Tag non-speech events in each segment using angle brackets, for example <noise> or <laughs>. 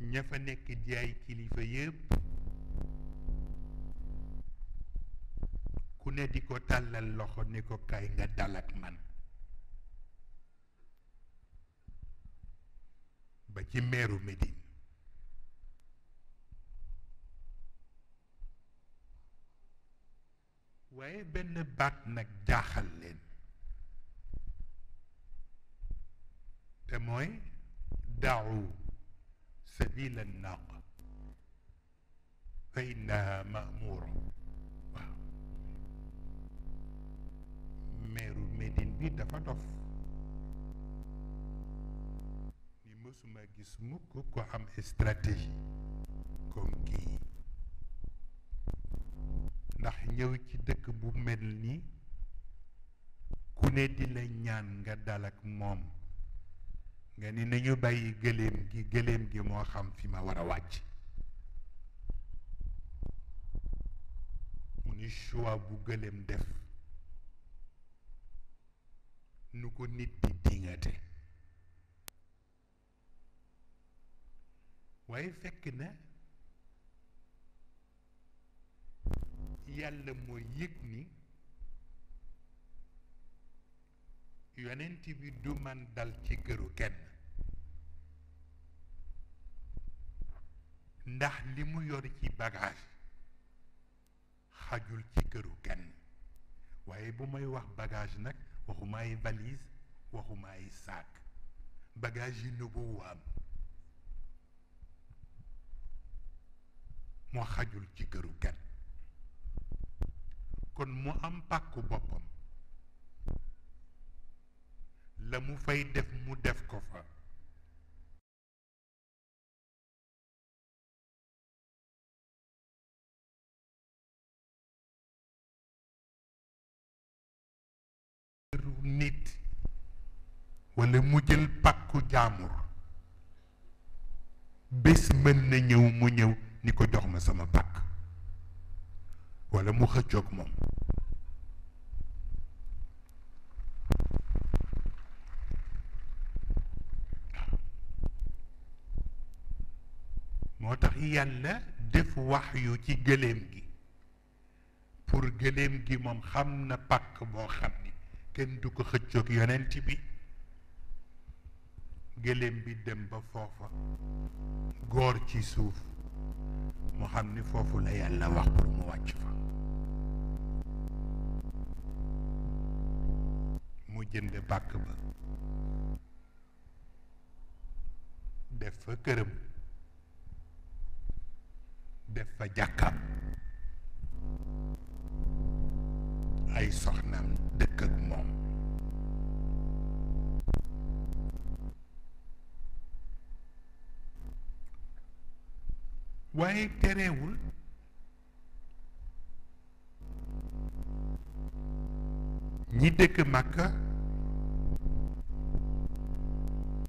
ña fa nekk di ay kilifa yépp ku ne di ko tàllal loxo ni ko kaay nga dal ak man ba ci meeru Médine waaye benn baat nag jaaxal leen te mooy daawu سبيل الناقة فإنها مأمورة waaw meeru Médine bi dafa dof ni mësuma gis mukk ko am stratégie comme kii ndax ñëw ci dëkk bu mel ni ku ne di la ñaan nga dal ak moom nga ni nañu bàyyi gëléem gi gëléem gi moo xam fi ma war a wàcc mu ni choix bu gëléem def nu ko nit di dingate waaye fekk na yàlla mooy yëg ni yonent bi du man dal ci këru kenn ndax li mu yor ci bagage xajul ci këru kenn waaye bu may wax bagage nag waxuma ay valise waxuma ay saak bagage yi nubuwaam moo xajul ci këru kenn kon mu am pàkku boppam la mu fay def mu def ko fa wala mu jël pàkku jaamur bés mën na ñëw mu ñëw ni ko jox ma sama pàkk wala mu xëccook moom moo tax yàlla def wax yu ci gëléem gi pour gëléem gi moom xam na pàkk boo xam ni kenn du ko xëccoog yonent bi gëléem bi dem ba foofa góor ci suuf mu xam ni foofu la yàlla wax pour mu wàcc fa mu jënd bàkk ba def fa këram def fa jàkkaam ay soxnaam dëkk ak moom waaye terewul ñi dëkk Màkka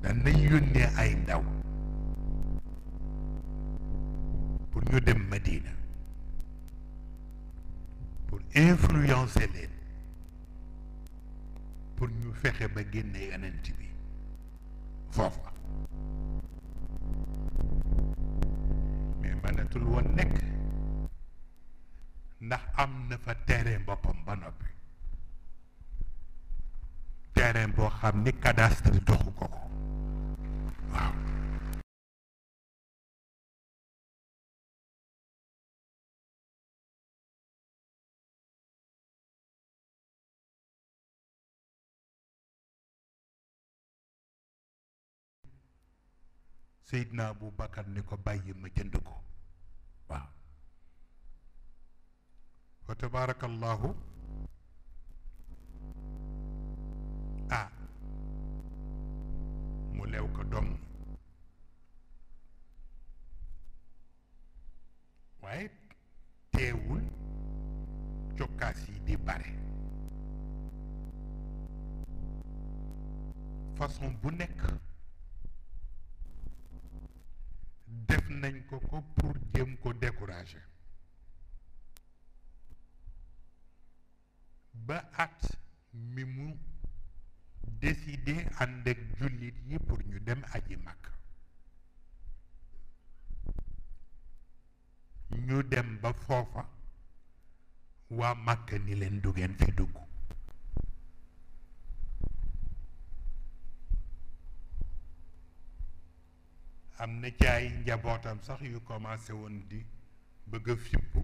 danañ yónnee ay ndaw pour ñu dem Madina pour influencer leen pour ñu fexe ba génne yonent bi foofa mënatul woon nekk ndax am na fa terrain boppam ba noppi terrain boo xam ni cadastre joxu ko ko waaw jënd ko waaw wa ah mu lew ko doom waaye teewul cokkaas yi di bare façon bu nekk def nañ ko ko pour jëm ko décourager ba at mi mu décider ànd ak jullit yi pour ñu dem aji mag ñu dem ba foofa waa Màkka ni leen du ngeen fi dugg am na ci ay njabootam sax yu commencé woon di bëgg a fippu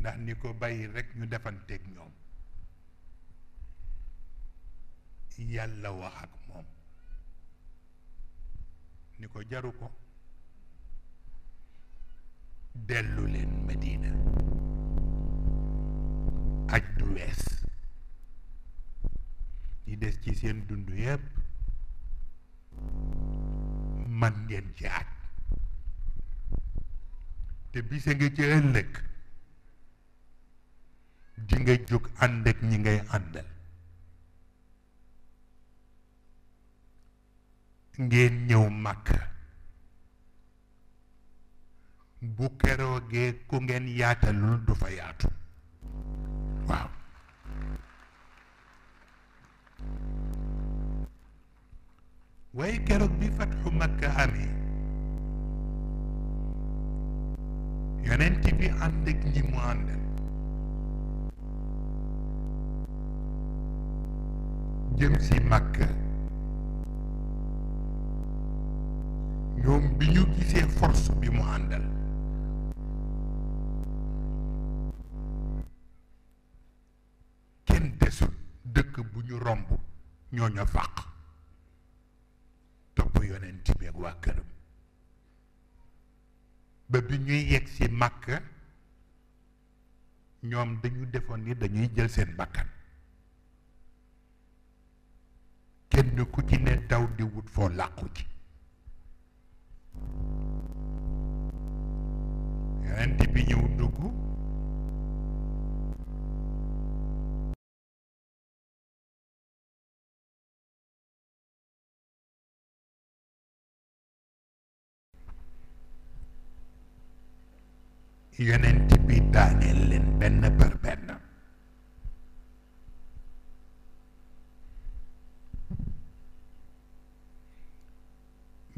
ndax ni ko bàyyi rekk ñu defanteeg ñoom yàlla wax ak moom ni ko jaru ko dellu leen Medina aj du wees di des ci seen dund yépp man ngeen ci at te bisa ngi ci ëllëg di nga jóg ànd ak ñi ngay àndal ngeen ñëw màkk bu keroogee ku ngeen yaatalul du fa yaatu waaw waaye keroog bi fatxu makka amee yonent bi ànd ak ñi mu àndal jëm si makka ñoom bi ñu gisee force bi mu àndal kenn desut dëkk bu ñu romb ñoo ña fàq ak waa këram ba bi ñuy yegg si màkk ñoom dañu defoon ni dañuy jël seen bakkan kenn ku ci ne daw di wut foo làqu ci yonent bi ñëw dugg yeneen bi daaneel leen benn par benn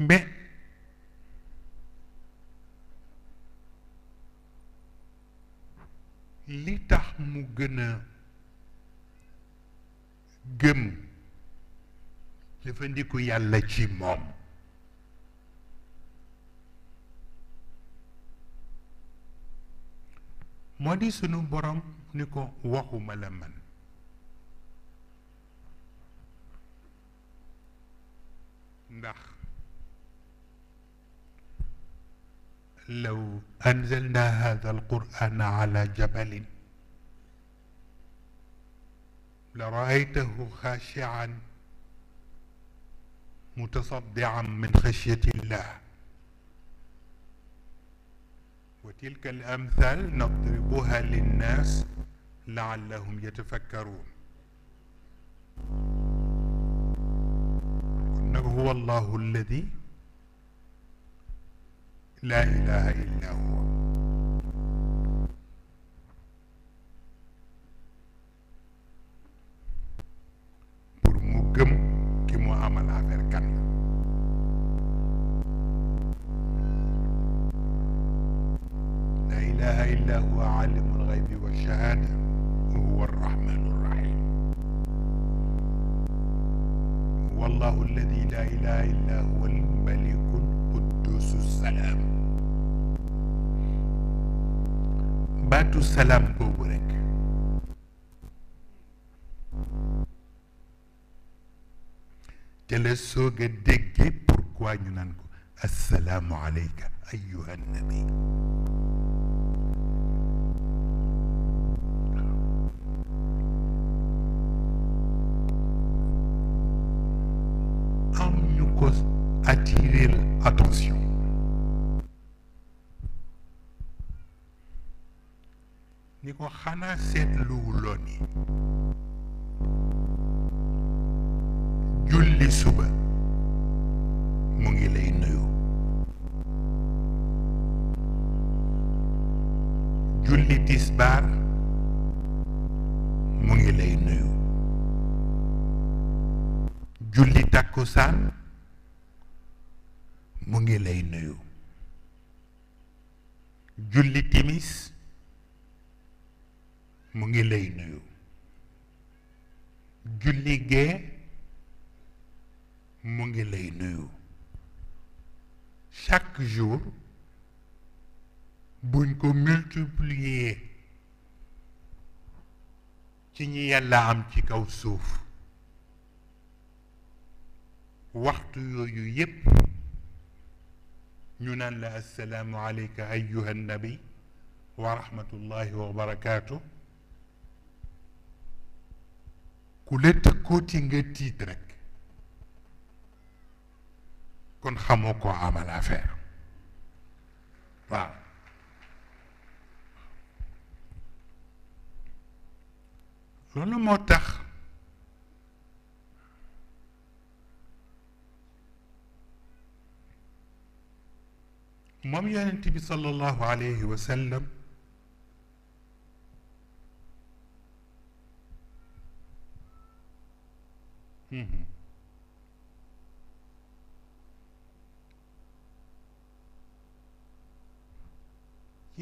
mais li tax mu gën a gëm jëfandiku yàlla ci moom moo di sunu borom ni ko waxuma la man ndax law anzalna hadha alqur'ana ala jabalin la raaytahu xaashian mutasaddian min xashyati llah وتلك الأمثال نضربها للناس لعلهم يتفكرون إنه هو الله الذي لا إله إلا هو والسعادة وهو الرحمن الرحيم والله الذي لا إله إلا هو الملك القدوس السلام baatu salaam boobu rekk te la soog a déggee pourquoi ñu naan ko assalaamu aleyka ayyuha nabi ko xanaa seetluwuloo ni julli suba mu ngi lay nuyu julli tisbaar mu ngi lay nuyu julli takkusaan mu ngi lay nuyu julli timis mu ngi lay nuyu julli gee mu ngi lay nuyu chaque jour buñ ko multiplier ci ñi yàlla am ci kaw suuf waxtu yooyu yépp ñu naan la assalaamu alayka ayyuha nabi wa wa barakaatu ku la tëkkooti nga tiit rek kon xamoo koo amal affaire waaw loolu moo tax moom yonent bi sallallahu alayhi wa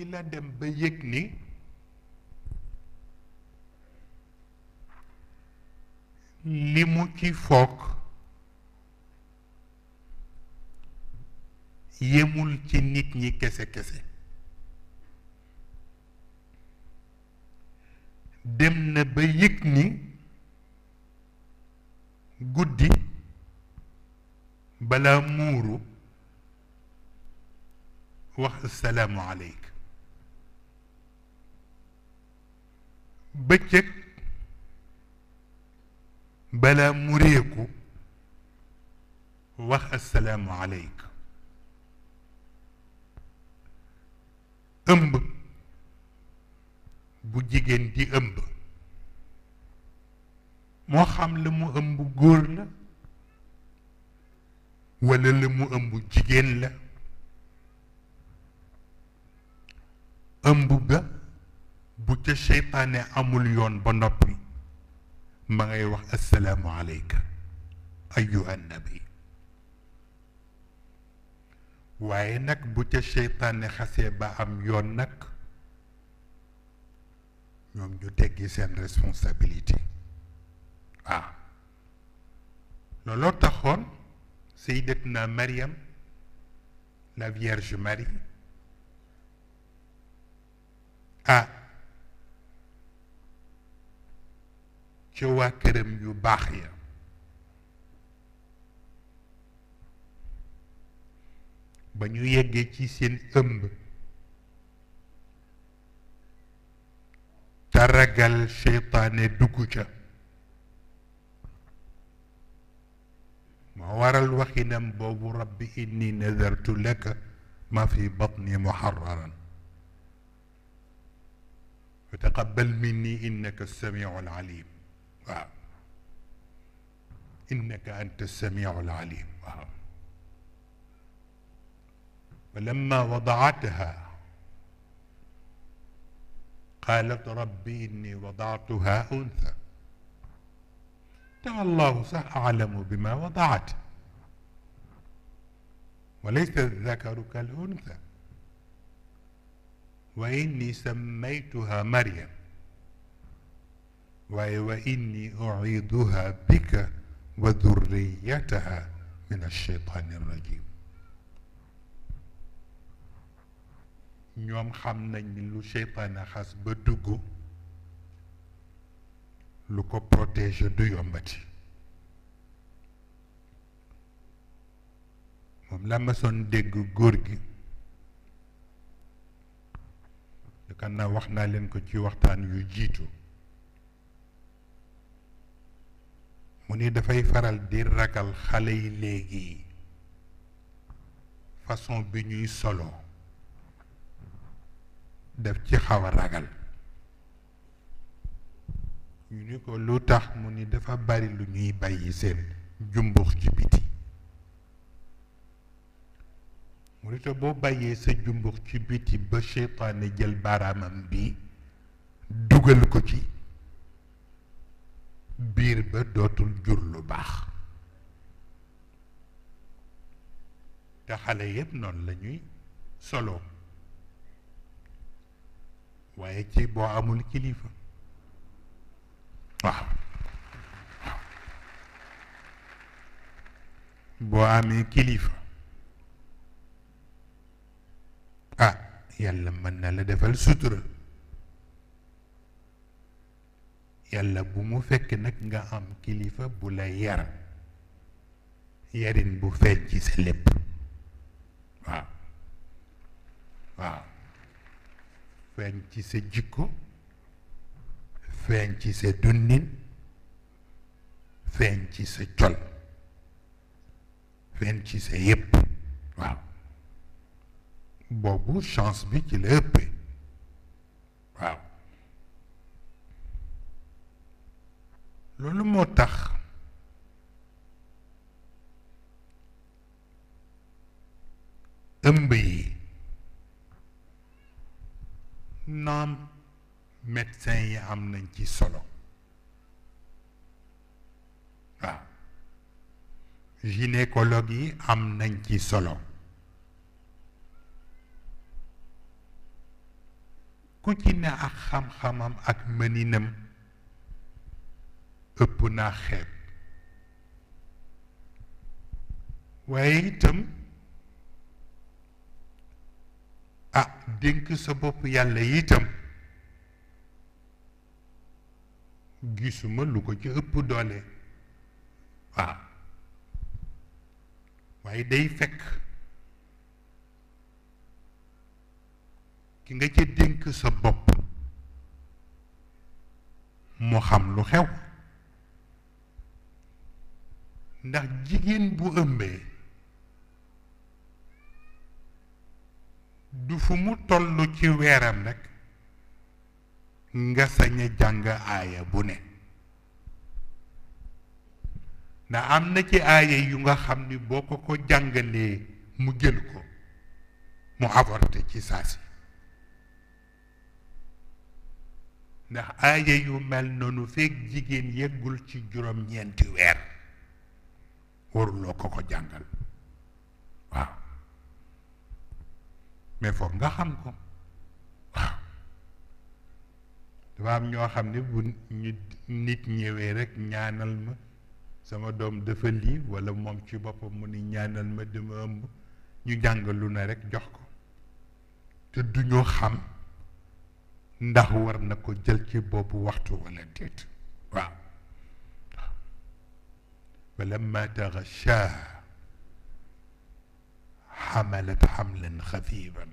dina dem ba yëg ni li mu ci foog yemul ci nit ñi kese-kese dem na ba yëg ni guddi balaa muuru wax asalaamu aleyk bëccëg balaa mu réeku wax assalaamu aleyk ëmb bu jigéen di ëmb moo xam la mu ëmb góor la walla la mu ëmb jigéen la ëmb ga bu ca seytaane amul yoon ba noppi ma ngay wax assalaamu aleyka ayyuha nabi waaye nag bu ca seytaane xase ba am yoon nag ñoom ñu teggi seen responsabilité waaw looloo taxoon Seydatna Mariam la Vierge Marie a ah, ci waa yu baax ya ba ñu yeggee ci seen ëmb te ragal seytaane dugg ca moo waral waxinam boobu rabbi inni nadartu laka ma fi batni muharraran fa taqabbal minni innaka samiu alalim waaw innaka anta samiu alalim waaw فلما وضعتها قالت ربي إني وضعتها أنثى الله صح أعلم بما وضعت وليس الذكر كالأنثى وإني سميتها مريم waaye wa inni uiduha bika wa durriyataha min alcheytaani arrajim ñoom xam nañ ni lu cheytaane xas ba dugg lu ko protéger du yombati moom la ma dégg góor gi yaakaar naa wax naa leen ko ci waxtaan yu jiitu mu ni dafay faral di ragal xale yi léegi façon bi ñuy solo def ci xaw ragal ñu ni ko lu tax mu ni dafa bari lu ñuy bàyyi seen jumbux ci biti mu ni te boo bàyyee sa jumbux ci biti ba seytaane jël baaraamam bi dugal ko ci biir ba dootul jur lu baax te xale yépp noonu lañuy ñuy solo waaye ci boo amul kilifa waaw boo amee kilifa ah yàlla mën na la defal sutura yàlla bu mu fekk nag nga am kilifa bu la yar yarin bu feeñ ci sa lépp waaw feeñ ci sa jikko feeñ ci sa dundin feeñ ci sa col feeñ ci sa yëpp waaw boobu chance bi ci la ëppee loolu moo tax ëmb yi naam médecin yi am nañ ci solo waaw gynécologue yi am nañ ci solo ku ci ne ak xam-xamam ak mëninam ëpp naa xeeb waaye itam ah dénk sa bopp yàlla itam gisuma lu ko ci ëpp doole waaw waaye day fekk ki nga ci dénk sa bopp mu xam lu xew ndax jigéen bu ëmbee du fu mu toll ci weeram rek nga sañ jàng aaya bu ne ndax am na ci aaya yu nga xam ni boo ko ko jàngalee mu jël ko mu avorté ci saasi ndax aaya yu mel noonu fekk jigéen yeggul ci juróom-ñeenti weer waruloo ko ko jàngal waaw mais foog nga xam ko waaw dafa am ñoo xam ne bu ñu nit ñëwee rek ñaanal ma sama doom dafa lii walla moom ci boppam mu ni ñaanal ma dama ëmb ñu jàngalu na rek jox ko te du ñu xam ndax war na ko jël ci boobu waxtu walla déet waaw فلما تغشاها حملت حملا خفيفا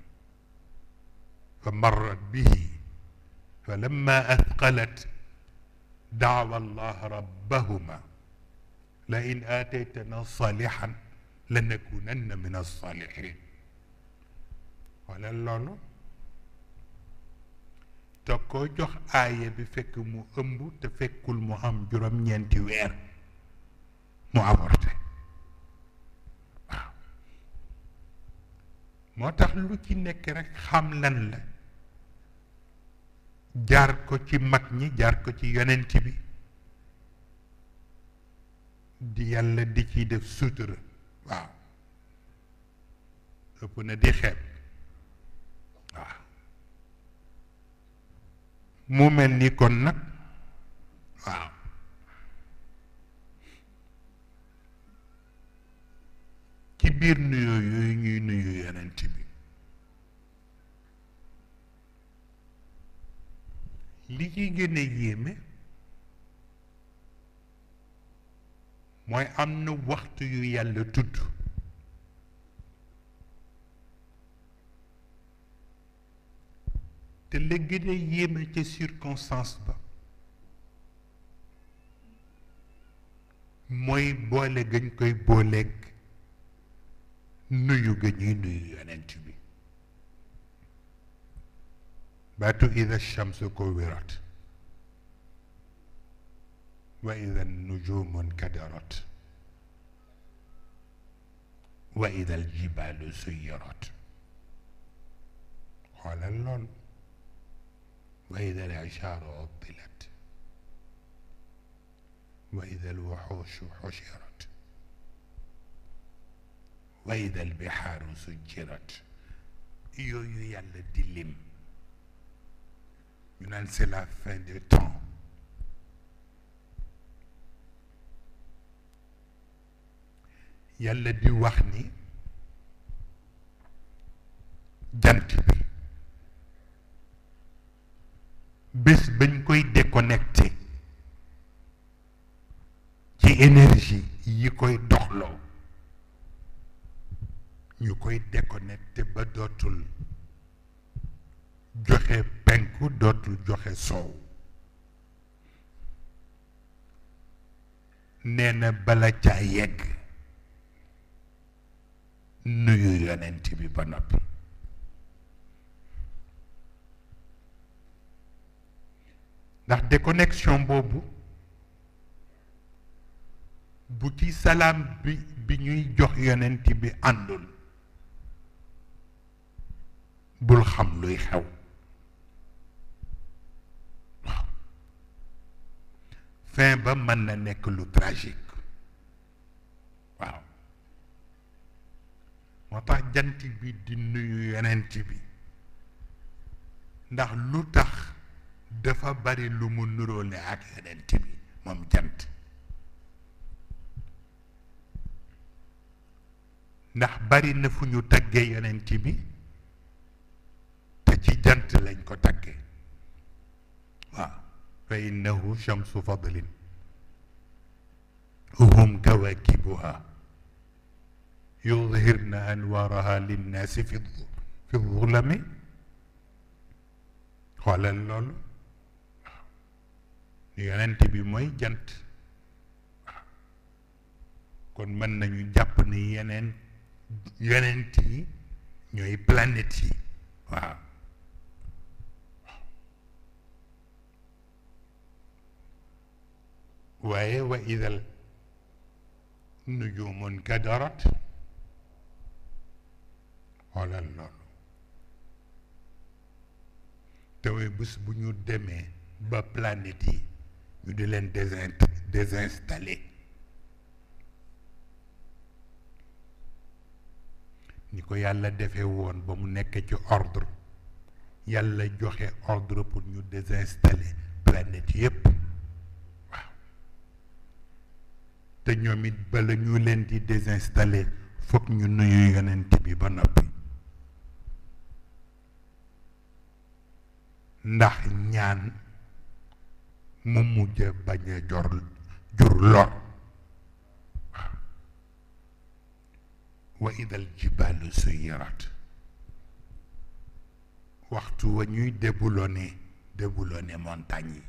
فمرت به فلما أثقلت دعوا الله ربهما لئن آتيتنا صالحا لنكونن من الصالحين xoolal loolu te koo jox aaya bi fekk mu ëmb te fekkul mu am juróom-ñeenti weer mu aborte waaw moo tax lu ci nekk rekk xam lan la jaar ko ci mag ñi jaar ko ci yonent bi di yàlla di ci def sutura waaw ëpp na di xeeb waaw mu mel ni kon nag waaw ci biir nuyoo yooyu ñuy nuyu yonent bi li ci gën a yéeme mooy am na waxtu yu yàlla tudd te la gën a yéeme ca circonstance ba mooy boole gañ koy booleeg nuyu ga ñuy nuyu yonent bi baatu ida shamsu ko wirat wa ida nujumun kadarat wa ida aljibalu suyirat xoolal lool wa ida alisharu utilat wa ida alwuxushu xushira wa idal bihaaru sujjirat yooyu yàlla di lim ñu naan c'est la fin des temps yàlla di wax ni jant bi bés bañ koy déconnecté ci énergie yi koy doxloo ñu koy déconnecté ba dootul joxe penku dootul joxe soow nee na bala ca yegg nuyu yonent bi ba noppi ndax déconnexion boobu bu ci salaam bi bi ñuy jox yeneenti bi àndul bul xam luy xew waaw fin ba mën na nekk lu trajik waaw moo tax jant bi di nuyu yonent bi ndax lu tax dafa bari lu mu nuróole ak yonent bi moom jant ndax bari na fu ñu taggee yonent bi lañ ko tagge waaw fa innahu chamsu fadlin hum kawakibuha yudhirna anwaaraha linnaasi fi fi zulami xoolal loolu yonent bi mooy jant kon mën nañu jàpp ni yeneen yonent yi ñooy planète yi waaw waaye wa isal nujumun kadarat xoolal loolu tawee bés bu ñu demee ba planète yi ñu di leen désin désinstallé ni ko yàlla defe woon ba mu nekk ci ordre yàlla joxe ordre pour ñu désinstaller planète yépp te ñoom it bala ñu leen di désinstaller foog ñu nuyu yonent bi ba noppi ndax ñaan mu mujj bañ a jor jur lor wa idal jibaalu suyirat waxtu wa ñuy déboulonner déboulonner montagne yi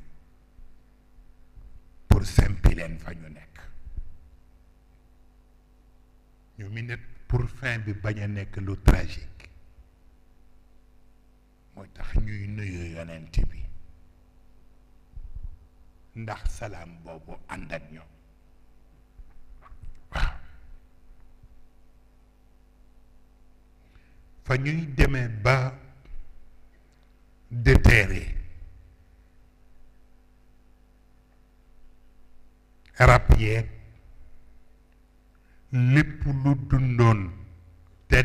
pour sempi fa ñu nekk ñu minute pour fin bi bañ a nekk lu tragique moo tax ñuy nuyu yonent bi ndax salaam boobu àndak ñoom waaw fa ñuy demee ba déterrer rab yeeg lépp lu dundoon te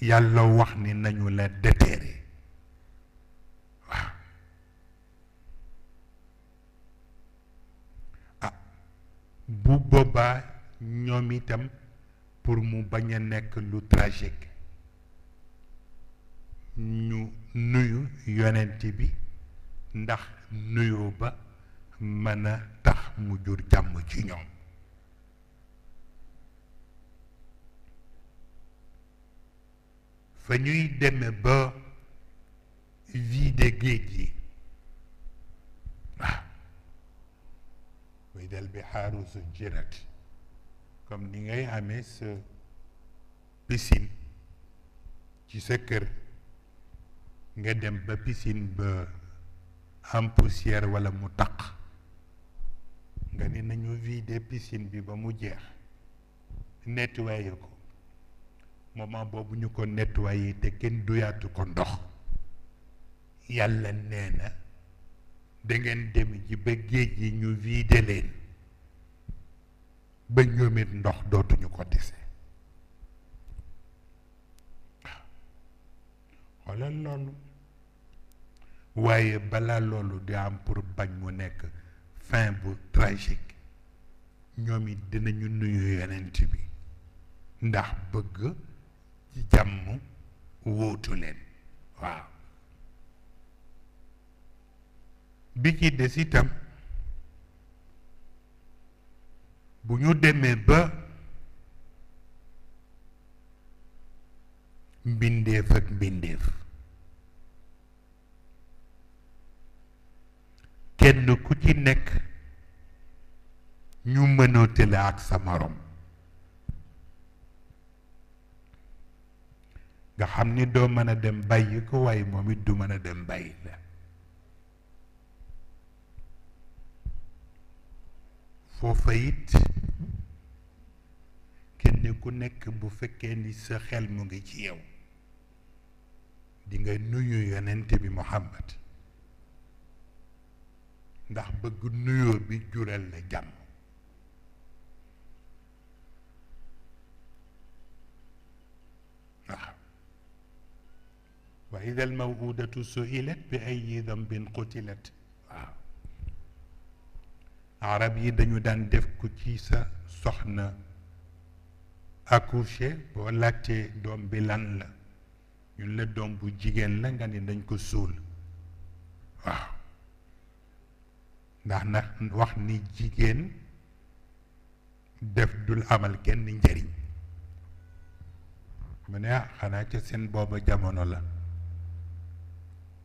yàlla wax ni nañu la déterré ah bu boobaa ñoom itam pour mu bañ a nekk lu tragique ñu nuyu yonent bi ndax nuyoo ba mën a tax mu jur jàmm ci ñoom fa ñuy deme ba vide géej gi waaw ah. muy bi xaaru su jirat comme ni ngay amee sa piscine ci sa kër nga dem ba pisin ba am poussière walla mu taq nga ne nañu vider piscine bi ba mu jeex nettoyer ko moment boobu ñu ko nettoyé te kenn duyaatu ko ndox yàlla nee na dangeen dem ji ba géej yi ñu vidé leen ba ñoom ndox dootuñu ko dese xoolal loolu waaye balaa loolu di am pour bañ mu nekk fin bu tragique ñoomi it dinañu nuyu yonent bi ndax bëgg ci jàmm leen waaw bi ci des itam bu ñu demee ba mbindeef ak mbindeef kenn ku ci nekk ñu mënoo la ak sa morom nga xam ni doo mën a dem bàyyi ko waaye moom it du mën a dem bàyyi la foofa it kenn ku nekk bu fekkee ni sa xel mu ngi ci yow di nga nuyu yenent bi Muhammad ndax bëgg nuyoo bi jural la jàmm wa ida almawudatu suilat bi ayi dambin qutilat waaw arab yi dañu daan def ku ci sa soxna accouché boo laajtee doom bi lan la ñun la doom bu jigéen la nga ni dañ ko suul waaw ndax nag wax ni jigéen def dul amal kenn njariñ mu ne ah, xanaa ca seen booba jamono la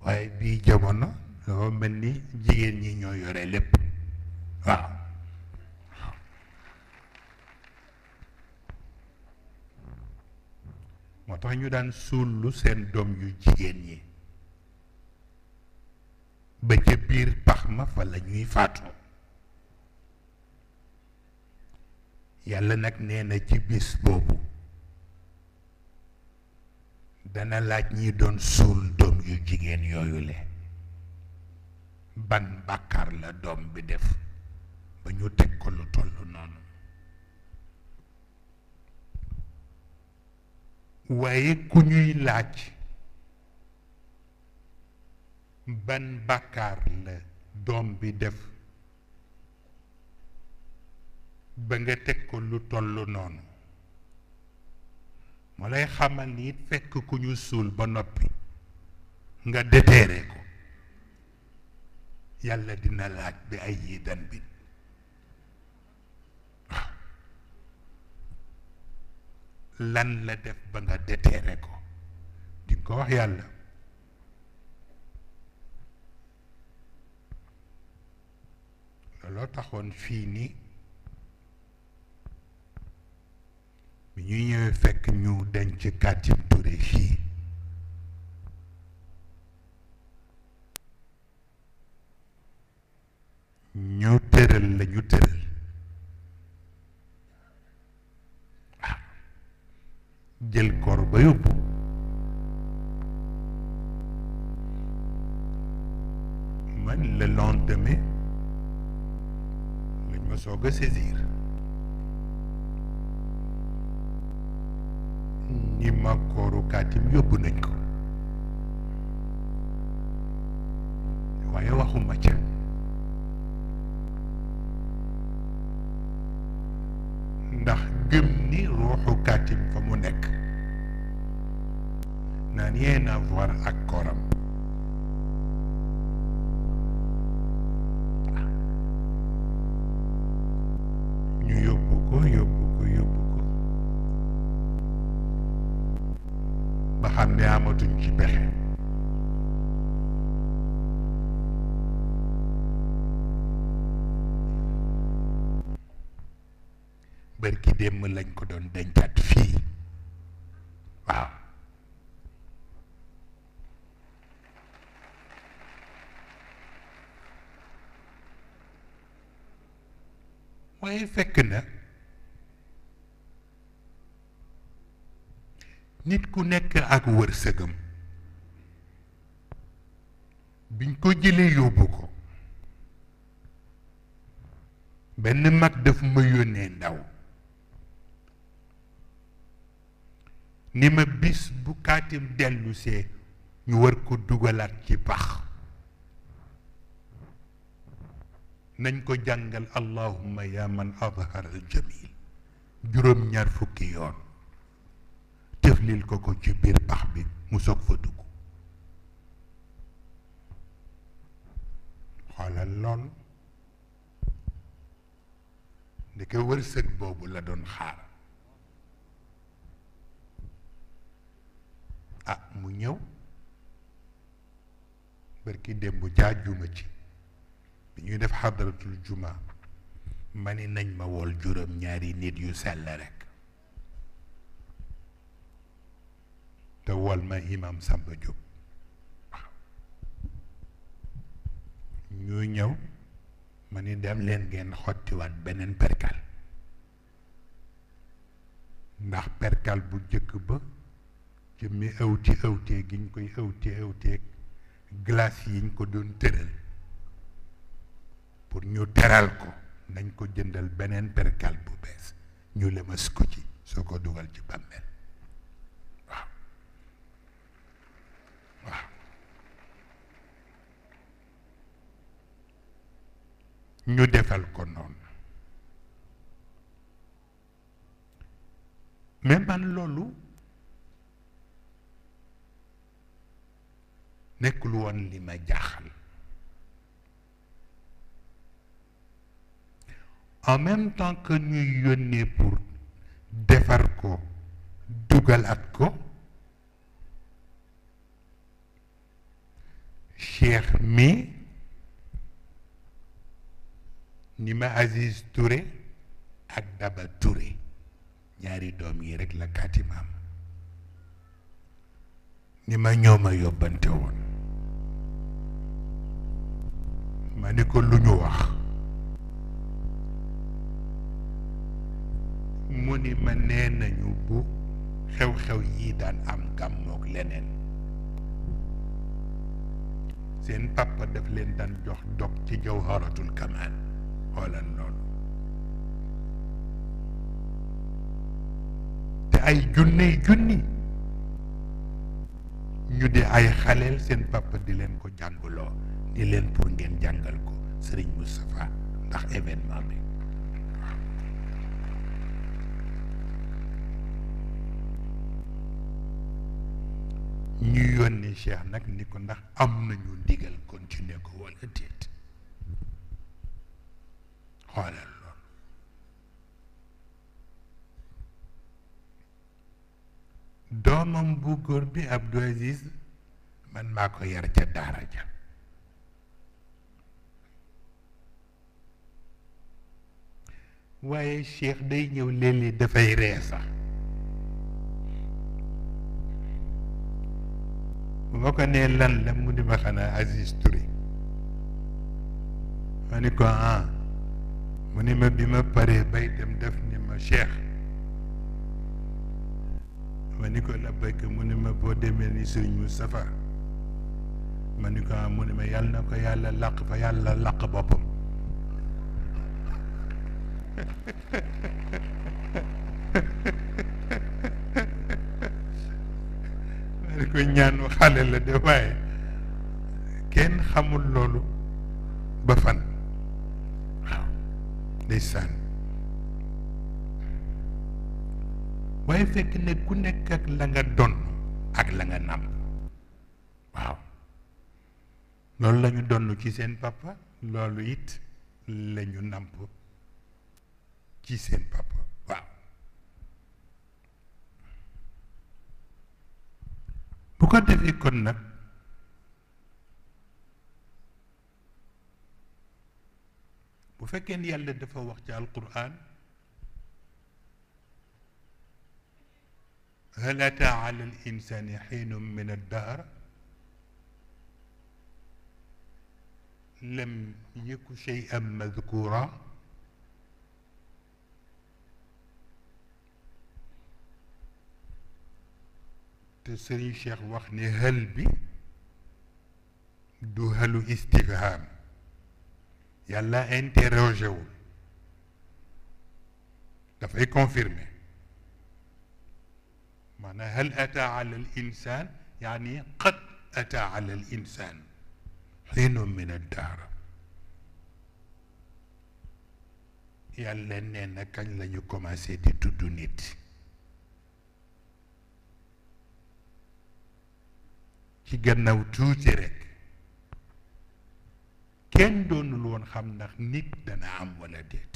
waaye bii jamono dafa mel ni jigéen ñi ñoo yore lépp waaw moo tax ñu daan lu seen doom yu jigéen ñi ba ca biir pax ma fa la ñuy faatu yàlla nag nee na ci bis boobu dana laaj ñi doon suul yu jigéen yooyule ban bàkkaar la doom bi def ba ñu teg ko lu toll noonu waaye ku ñuy laaj ban bàkkaar la doom bi def ba nga teg ko lu toll noonu moo lay xamal ni it fekk ku ñu suul ba noppi nga déterré ko yàlla dina laaj bi ay yi bi lan la def ba nga déterré ko di ko wax yàlla looloo taxoon fii nii bi ñu ñëwee fekk ñu denc kàccib Touré fii ñoo tëral la ñu tëral waaw jël koor ba yóbbu man le lendemain lañ ma soog a saisir ñi ma kooru kaatim yóbbu nañ ko waaye waxuma ca waaye fekk na nit ku nekk ak wërsëgam biñ ko jëlee yóbbu ko benn mag daf ma yónnee ndaw ni ma bis bu kaatim dellusee ñu war ko dugalaat ci pax nañ ko jàngal allahumma ya man azhar al jamil juróom-ñaar fukki yoon tëflil ko ko ci biir pax bi mu soog fa dugg xoolal lool ndeke wërsëg boobu la doon xaar ah mu ñëw barki démb jaajuma ci ñuy def xadaratul juma ma ni nañ ma wool juróom ñaari nit yu sell rek te wool ma imam Samba jóg ñu ñëw ma ni dem leen ngeen xottiwaat beneen perkal ndax perkal bu jëkk ba jëmmi awti awtee gi ñu koy awti awtee glace yi ñu ko doon tëral pour ñu teral ko nañ ko jëndal beneen percal bu bees ñu lëmas ko ci soo ko dugal ci bàmmeel waaw ñu defal ko noonu mais loolu nekkul woon li ma jaaxal en même temps que ñuy yónnee pour defar ko dugalaat ko Cheikh mi ni ma Aziz Touré ak Daba Touré ñaari doom yi rek la katimaam ni ma ñooma yóbbante woon ma ni ko lu ñu wax mu ni ma nee nañu bu xew-xew yi daan am gàmmook leneen seen papa daf leen daan jox dog ci jawharatul kamaan xoolal loolu te ay junney junni ñu di ay xaleel seen papa di leen ko jàngaloo ni leen pour ngeen jàngal ko Serigne Moustapha ndax événement bi ñu yónni cheikh nag ni ko ndax am nañu ndigal continuer ko wala déet xoolal lool doomam bu góor bi Abdou Aziz man maa ko yar ca daara ja waaye cheikh day ñëw léeg-léeg dafay ree sax ma ko nee lan la mu ni ma xanaa Aziz Touré ma ni ko ah mu ma bi ma paree bay dem def ni ma Cheikh ma ni ko la mu ni ma boo demee ni Sëriñ Moustapha ma ni ko ah mu ma yàlla na ko yàlla làq fa yàlla làq boppam <laughs> ko ñaanu xale la de waaye kenn xamul loolu ba fan waaw ndeysaan waaye fekk ne ku nekk ak la nga donn ak la nga nàmp waaw loolu la donn ci seen papa loolu it la nàmp ci seen papa bu ko defee kon nag bu fekkee ni yàlla dafa wax ci alquran hal ataa ala al insani xiinun min addahr lam yaku shay'an madkura te sëriñ Cheikh wax ni hël bi du hëlu istifham yàlla interrogé dafay confirmer maanaam hal ata ala al insan yaani qad ata ala al min addaara yàlla nee na kañ lañu ñu commencé di tudd nit ci gannaaw tuuti rek kenn doonul xam ndax nit dana am walla déet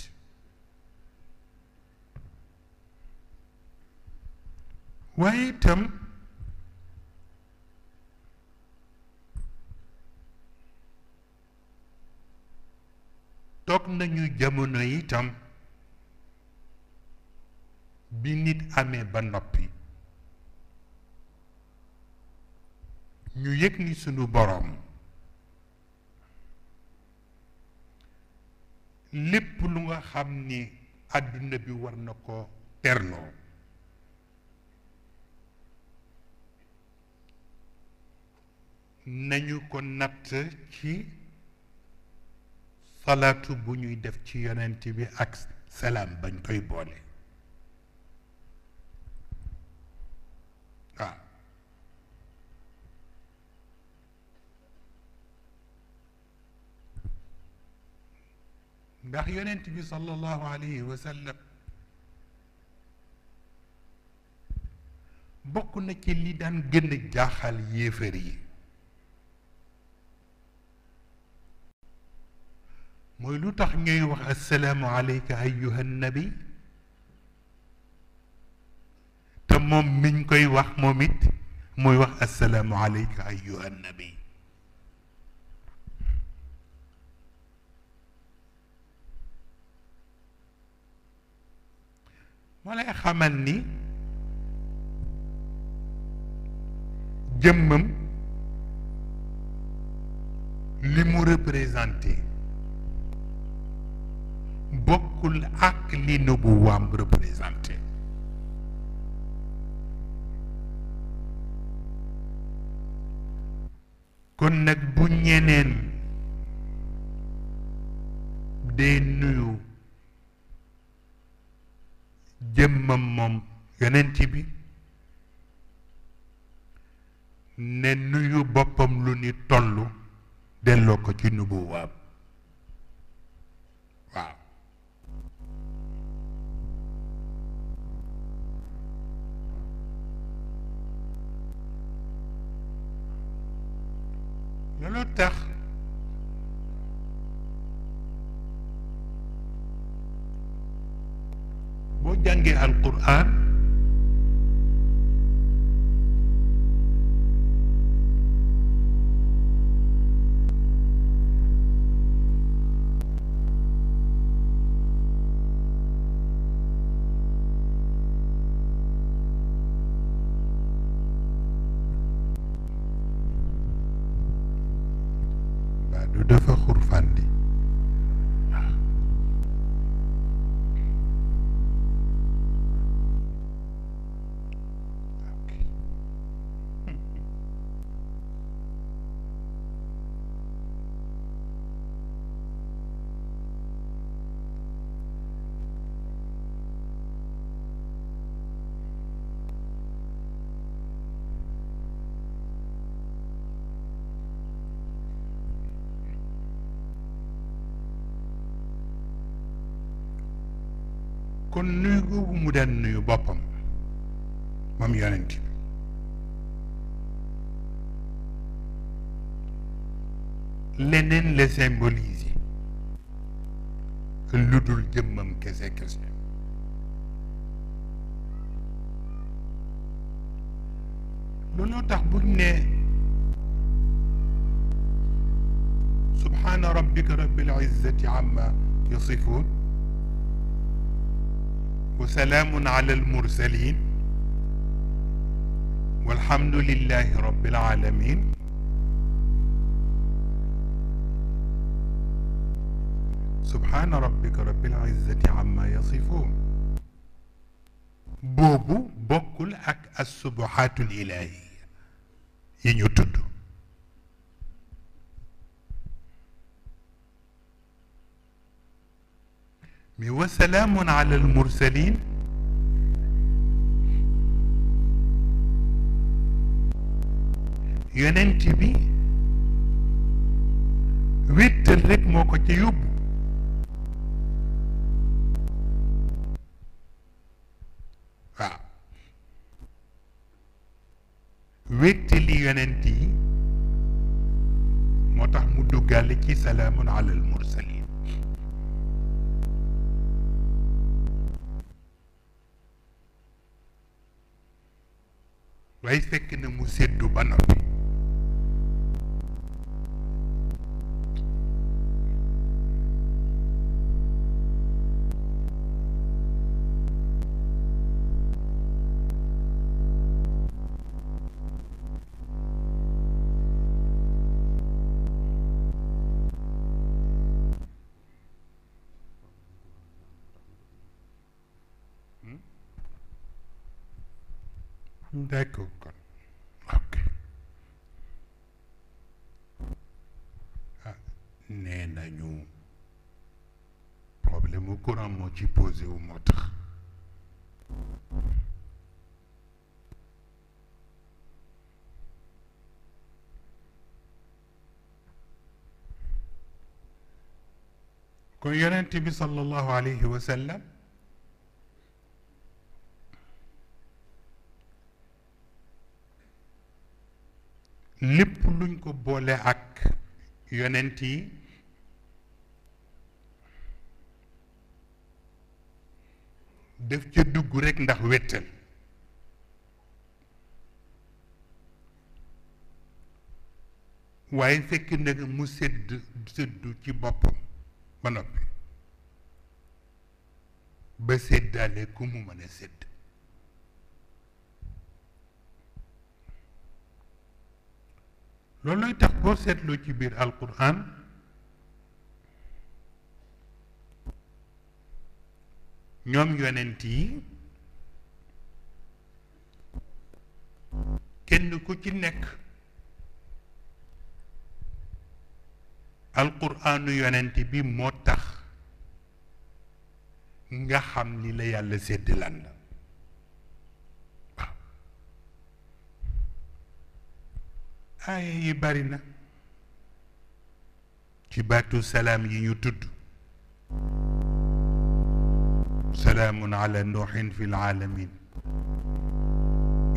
waaye itam toog nañu jamono itam bi nit amee ba noppi ñu yëg ni sunu boroom lépp lu nga xam ni àdduna bi war na ko terloo nañu ko natt ci salaatu bu ñuy def ci yonent bi ak salaam bañ koy boole ndax yonent bi sallallahu alayhi wa bokk na ci li daan gën a jaaxal yéefar yi mooy lu tax ngay wax assalaamu alayka ayyuha nabi te moom miñ koy wax moom it muy wax assalaamu alayka ayyuha nabi moo xamal ni jëmmam li mu représenté bokkul ak li nubuwaam représenté kon nag bu ñeneen dee nuyu jëmmam moom yonent bi ne nuyu boppam lu ni tollu delloo ko ci nubuwaam waaw loolu tax jàngee alquran boobu mu daan nuyu boppam moom yonent bi leneen la symboliser lu dul jëmmam kese kese looloo tax buñ ne subhaana rabbika rabbil izzati amma yasifun wa salaamun ala almursalin walhamdulillahi rabbil alamin subhaana rabbika rabbil izzati amma yasifuun boobu bokkul ak as-subuhaatul ilaahiya yi ñu tudd mais wasalaamun ala almursalin yonent bi wéttal rek moo ko ca yóbbu waaw wéttali yonent moo tax mu duggaale ci salaamun ala almursalin waaye fekk na mu séddu ba noppi d'accord kon ok ah, nee nañu problème mu moo ci posé wu moo tax kon yonent bi sallallahu alayhi wa lépp luñ ko boole ak yonent yi def ca dugg rekk ndax wéttal waaye fekk nag mu sëdd sëddu ci boppam ba noppi ba séddaale ku mu mën a sédd loolooy tax boo seetloo ci biir alquran ñoom yonent yi kenn ku ci nekk alquraanu yonent bi moo tax nga xam ni la yàlla sédd lan la aaya yi bari na ci baatu salaam yi ñu tudd salaamun ala nuuxin fi laalamin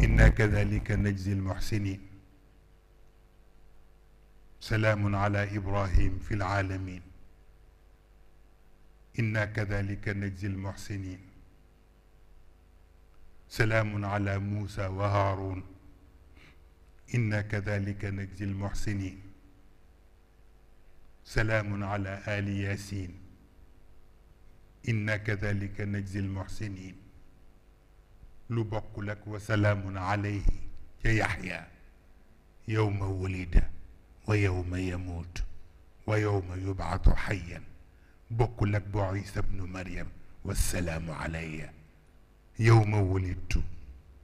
inna kadalika najzi almuxsinin salaamun ala ibrahim fi laalamin inna kadalika najzi almuxsinin salaamun ala muusa wa haaruun inna kadalika najzi lmuxsinin salaamun ala ali yasin inna kadalika najzi lmuxsinin lu bokkul ak wa salaamun alayhi ca yaxya yowma wulida wa yowma yamuut wa yowma yubcatu xayan bokkul ak bu isa bnu mariam wa salaamu alayya yowma wulidtu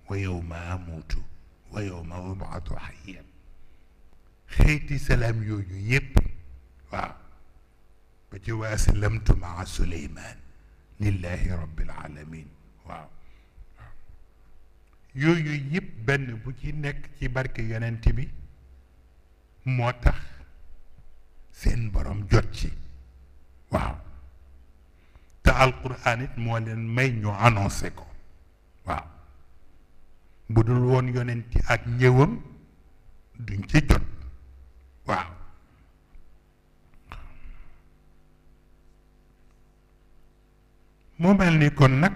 wa yowma amuutu wa yawma yub'athu hayyan xeeti salaam yooyu yépp waaw ba ci waa aslamtu maa suleymaan lillahi rabbil alamin waaw yooyu yëpp benn bu ci nekk ci barke yonent bi moo tax seen borom jot ci waaw te alquran it moo leen may ñu annoncé ko bu dul woon yonenti ak ñëwam duñ ci jot waaw moo mel ni kon nag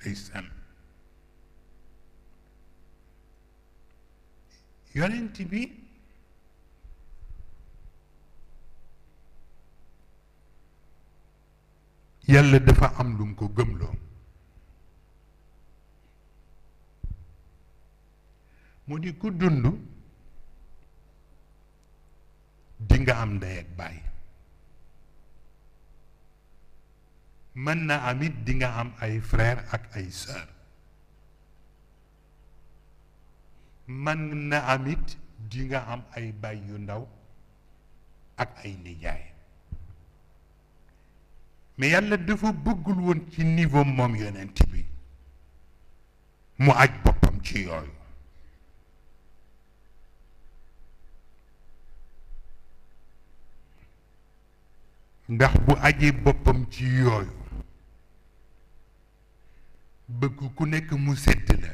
ndeysaan yonent bi yàlla dafa am lu mu ko gëmloo mu di ku dund di am ndey ak baay mën na am dinga am ay freer ak ay sœur mën na amit it nga am ay baay yu ndaw ak ay nijaay mais yàlla dafa bëggul woon ci niveau moom yonent bi mu aj boppam ci yooyu ndax bu ajee boppam ci yooyu bëgg ku nekk mu sédd la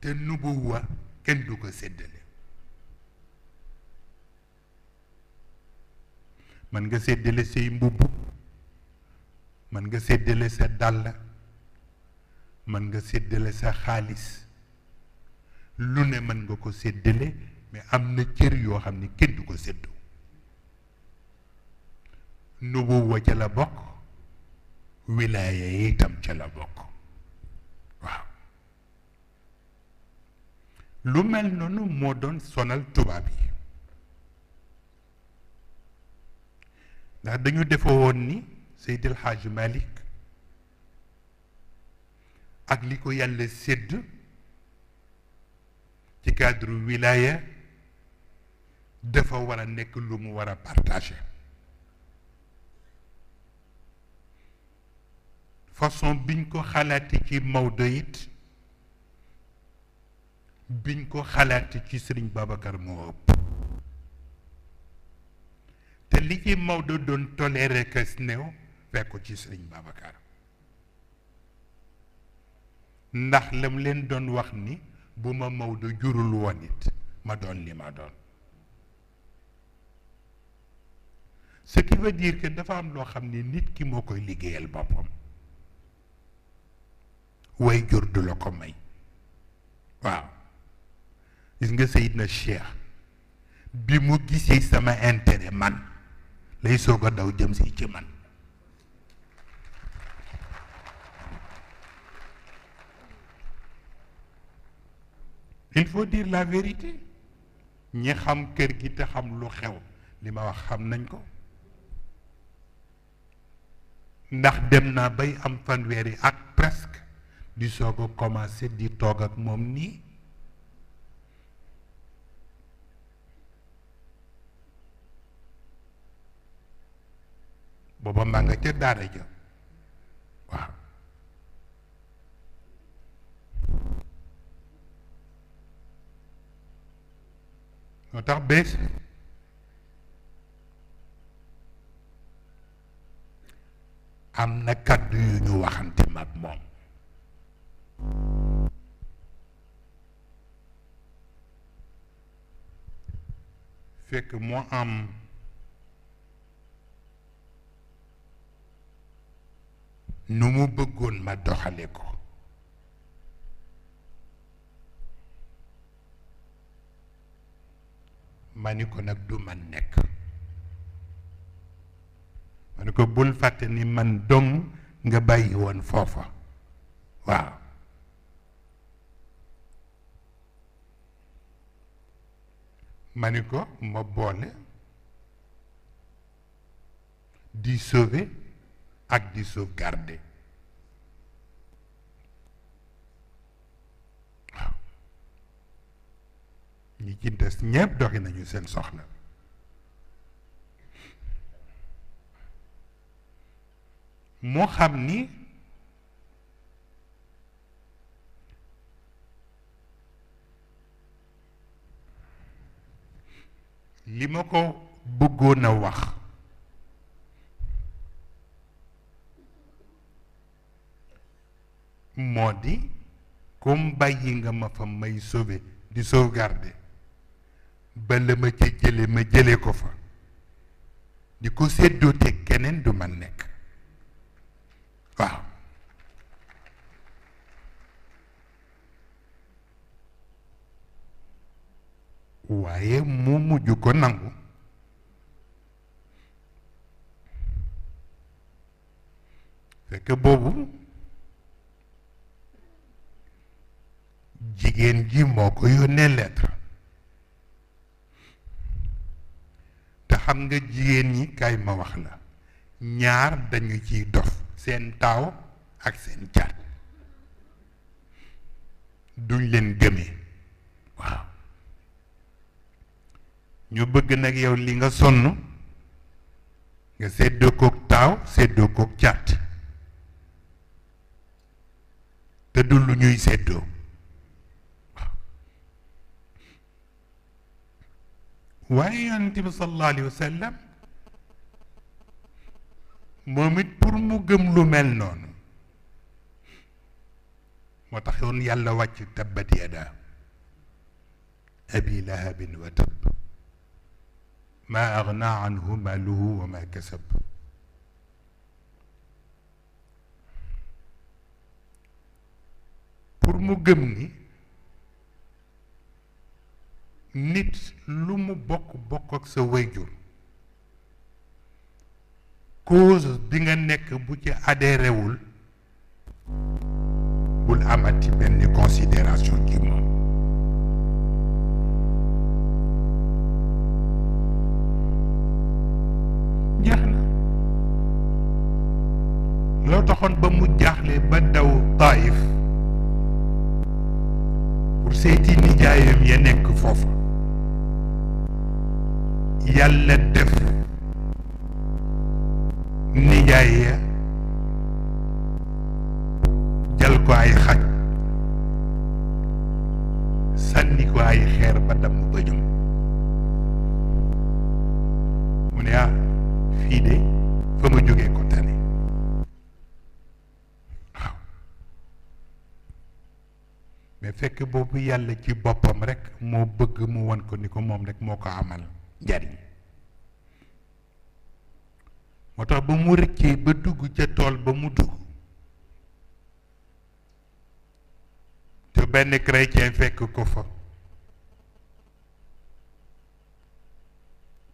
te nubuwa kenn du ko séddale mën nga séddale say mbubb mën nga séddale sa dàll mën nga séddale sa xaalis lu ne mën nga ko séddale mais am na cër yoo xam ne kenn du ko séddu nubuwa ca la bokk wilaaya yi itam ca la bokk waaw lu mel noonu moo doon sonal tubaab yi ndax dañu defoo woon ni Seydil Hadj Malick ak li ko yàlla sedd ci cadre wilaya dafa war a nekk lu mu war a partagé façon biñ ko xalaati ci Maodo it biñ ko xalaati ci Serigne Babacar moo li ci Maodo doon toléré kes néew fekk ci sëriñ Babacar ndax lam leen doon wax ni bu ma Maodo jurul woon it ma doon li ma doon ce qui veut dire que dafa am loo xam ne nit ki moo koy liggéeyal boppam way jur du la ko may waaw gis nga Seydina Cheikh bi mu gisee sama intérêt man lay soog a daw jëm si ci man il faut dire la vérité ñi xam kër gi te xam lu xew li ma wax xam nañ ko ndax dem naa bay am fanweeri ak presque di soog a commencé di toog ak moom nii booba maa nga ca daara ja waaw moo tax bés am na kàddu yu ñu waxante mag moom fekk moo am nu mu bëggoon ma doxale ko ma ko nag du man nekk ma ko bul fàtte ni man dong nga bàyyi woon foofa waaw mani ko ma boole di sauver ak di sauvegarder waaw ñi ci des ñépp doxi nañu seen soxla moo xam ni li ma ko bëggoon a wax moo di comme bàyyi nga ma fa may sauver di sauvegarder ba la ma ca jële ma jële ko fa di ko séddoote keneen du man nekk waaw waaye mu mujj ko nangu fekk boobu jigéen ji moo ko yónnee lettre te xam nga jigéen ñi kay ma wax la ñaar dañu ciy dof seen taaw ak seen cat duñ leen gëmee waaw ñu bëgg nag yow li nga sonn nga séddoo koog taaw séddoo koog cat te du lu ñuy séddoo waaye yonent bi sallallahu alayhi wa sallam moom it pour mu gëm lu mel noonu moo tax yoon yàlla wàcc tabbat yada abi lahabin wa tab maa agna anhu maaluhu wa ma kasab pour mu gëm ni nit lu mu bokk bokk ak sa bi nga nekk bu ci adhéré wul bul na loo taxoon ba mu jaaxle ba daw Taïf pour seeti nijaayam ya nekk foofu yàlla def nijaay ya jal ko ay xaj sànni ko ay xeer ba damm bëjum mu ne ah fii de fa ma jógee ko tane mais fekk boobu yàlla ci boppam rek moo bëgg mu won ko ni ko moom rek moo ko amal njariñ moo tax ba mu rëccee ba dugg ca tool ba mu dugg te benn chrétien fekk ko fa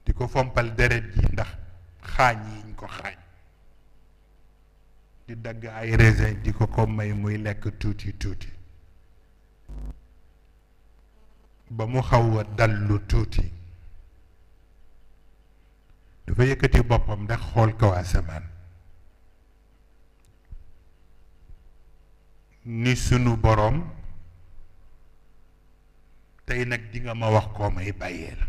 di ko fompal deret ji ndax xaañ yiñ ko xaañ di dagg ay raisin di ko ko may muy lekk tuuti tuuti ba mu xaw a dallu tuuti dafa yëkkati boppam ndax xool kaw asamaan ni sunu boroom tey nag dinga ma wax koo may bàyyeel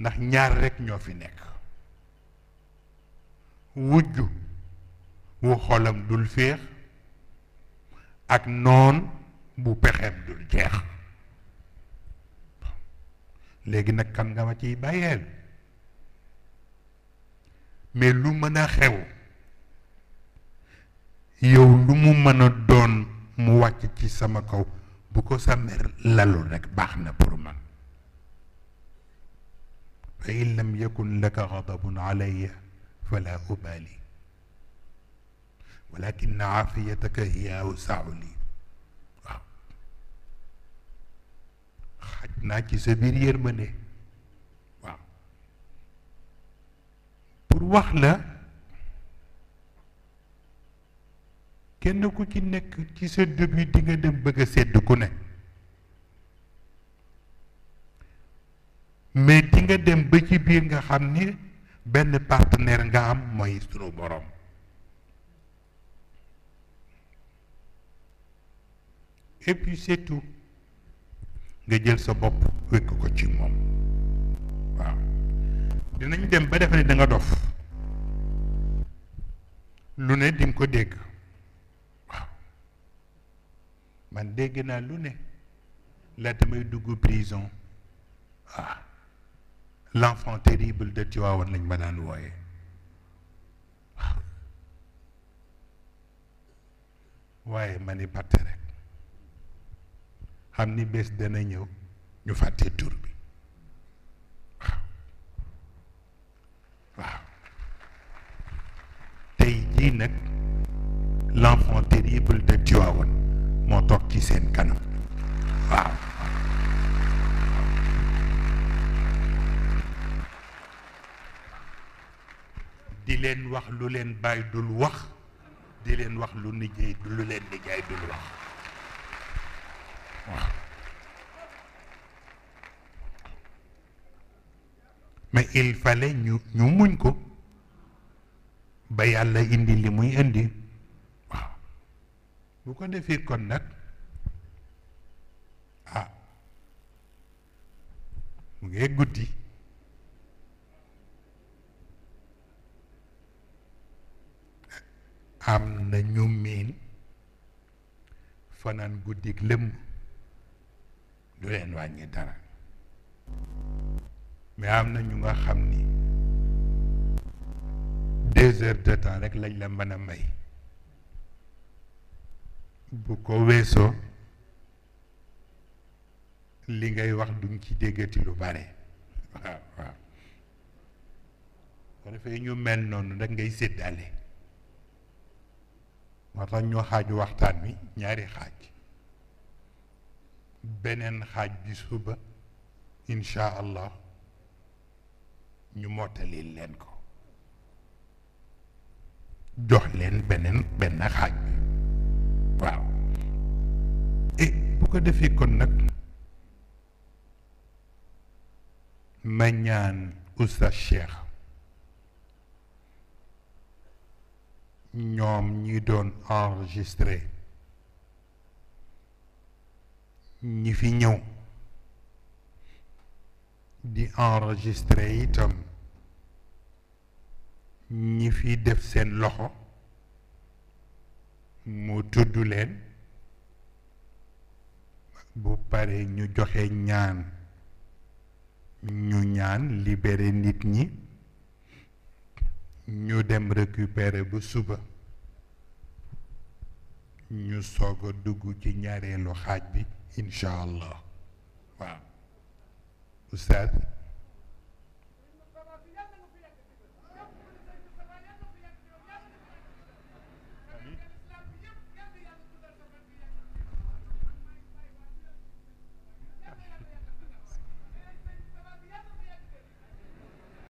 ndax ñaar rekk ñoo fi nekk wujj wu xoolam dul féex ak noon bu pexeem dul jeex léegi nag kan nga ma ci bàyyeel mais lu mën a xew yow lu mu mën a doon mu wàcc ci sama kaw bu ko sa mer lalu rek baax na pour man fa in lam ale laka gadabun alayya fala ubali walakin aafiyataka hiya awsau li xaj naa ci sa biir yërmande waaw pour wax la kenn ku ci nekk ci sa début di nga dem bëgg a sedd ku ne mais di nga dem ba ci biir nga xam ni benn partenaire nga am mooy sunu borom et puis nga jël sa bopp wékk ko ci moom waaw dinañ dem ba defe ne da dof lu ne di nga ko dégg waaw man dégg naa lu ne la tamay dugg prison waaw l'enfant terrible de Tivaouane lañ ma daan wooye waaye ma xam ni bés dana ñëw ñu fàtte tur bi waaw waaw tey jii nag l'enfant terrible de Tivaouane moo toog ci seen kanam waaw di leen wax lu leen bàyyi dul wax di leen wax lu nijaay leen nijaay dul wax mais il fallait ñu ñu muñ ko ba yàlla indi li muy indi waaw bu ko defee kon nag ah mu ngee guddi am na ñu miin fanaan guddik lëmm du leen wàññi dara mais am na ñu nga xam ni deux heures de temps rek lañ la mën a may bu ko weesoo li ngay wax duñ ci déggati lu bare waaw waaw ko defee ñu mel noonu rek ngay séddale moo tax ñoo xaaju waxtaan wi ñaari xaaj beneen xaaj bi suba incha allah ñu mottalil leen ko jox leen beneen benn xaaj bi waaw et bu ko defee kon nag ma ñaan oustaz Cheikh ñoom ñi doon enregistré ñi fi ñëw di enregistré itam ñi fi def seen loxo mu tudd leen bu pare ñu joxe ñaan ñu ñaan libéré nit ñi ñu dem récupérer ba suba ñu soog a dugg ci ñaareelu xaaj bi incha allah waaw oustaz